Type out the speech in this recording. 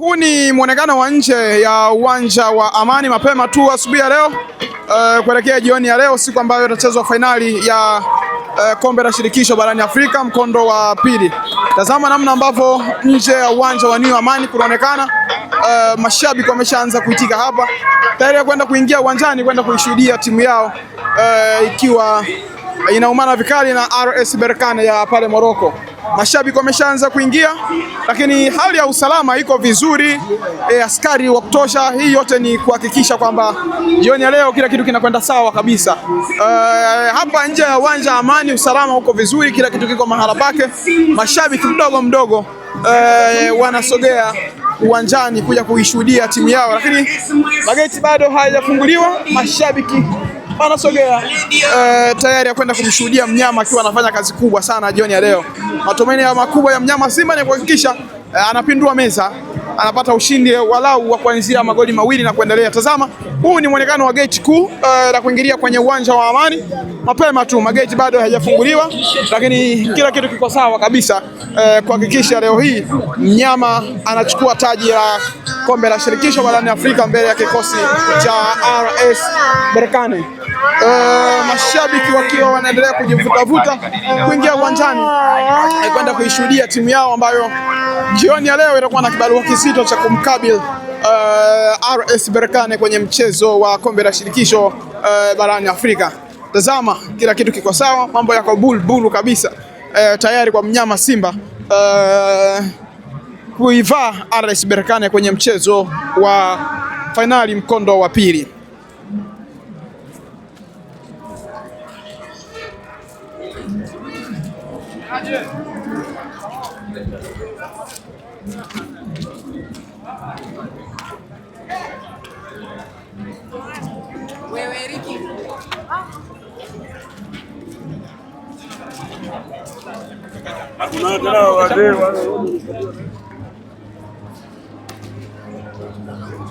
Huu ni mwonekano wa nje ya uwanja wa Amani mapema tu asubuhi ya leo uh, kuelekea jioni ya leo, siku ambayo itachezwa fainali ya uh, kombe la shirikisho barani Afrika mkondo wa pili. Tazama namna ambavyo nje ya uwanja wa New Amani kunaonekana uh, mashabiki wameshaanza kuitika hapa tayari ya kwenda kuingia uwanjani kwenda kuishuhudia timu yao uh, ikiwa inaumana vikali na RS Berkane ya pale Morocco mashabiki wameshaanza kuingia, lakini hali ya usalama iko vizuri e, askari wa kutosha. Hii yote ni kuhakikisha kwamba jioni ya leo kila kitu kinakwenda sawa kabisa. E, hapa nje ya uwanja Amani, usalama uko vizuri, kila kitu kiko mahala pake. Mashabiki mdogo mdogo e, wanasogea uwanjani kuja kuishuhudia timu yao, lakini mageti bado hayajafunguliwa mashabiki anasogea eh, tayari ya kwenda kumshuhudia mnyama akiwa anafanya kazi kubwa sana jioni ya leo. Matumaini ya makubwa ya mnyama Simba ni kuhakikisha eh, anapindua meza, anapata ushindi walau wa kuanzia magoli mawili na kuendelea. Tazama, huu ni mwonekano wa gate kuu eh, la kuingilia kwenye uwanja wa Amani. Mapema tu mageti bado hayajafunguliwa, lakini kila kitu kiko sawa kabisa eh, kuhakikisha leo hii mnyama anachukua taji la kombe la shirikisho barani Afrika mbele ya kikosi cha RS Berkane. Uh, mashabiki wakiwa wanaendelea kujivutavuta kuingia uwanjani kwenda kuishuhudia timu yao ambayo jioni ya leo itakuwa na kibarua kizito cha kumkabili uh, eh, RS Berkane kwenye mchezo wa kombe la shirikisho uh, barani Afrika. Tazama, kila kitu kiko sawa, mambo yako bulbulu kabisa, uh, tayari kwa mnyama Simba uh, kuivaa RS Berkane kwenye mchezo wa fainali mkondo wa pili.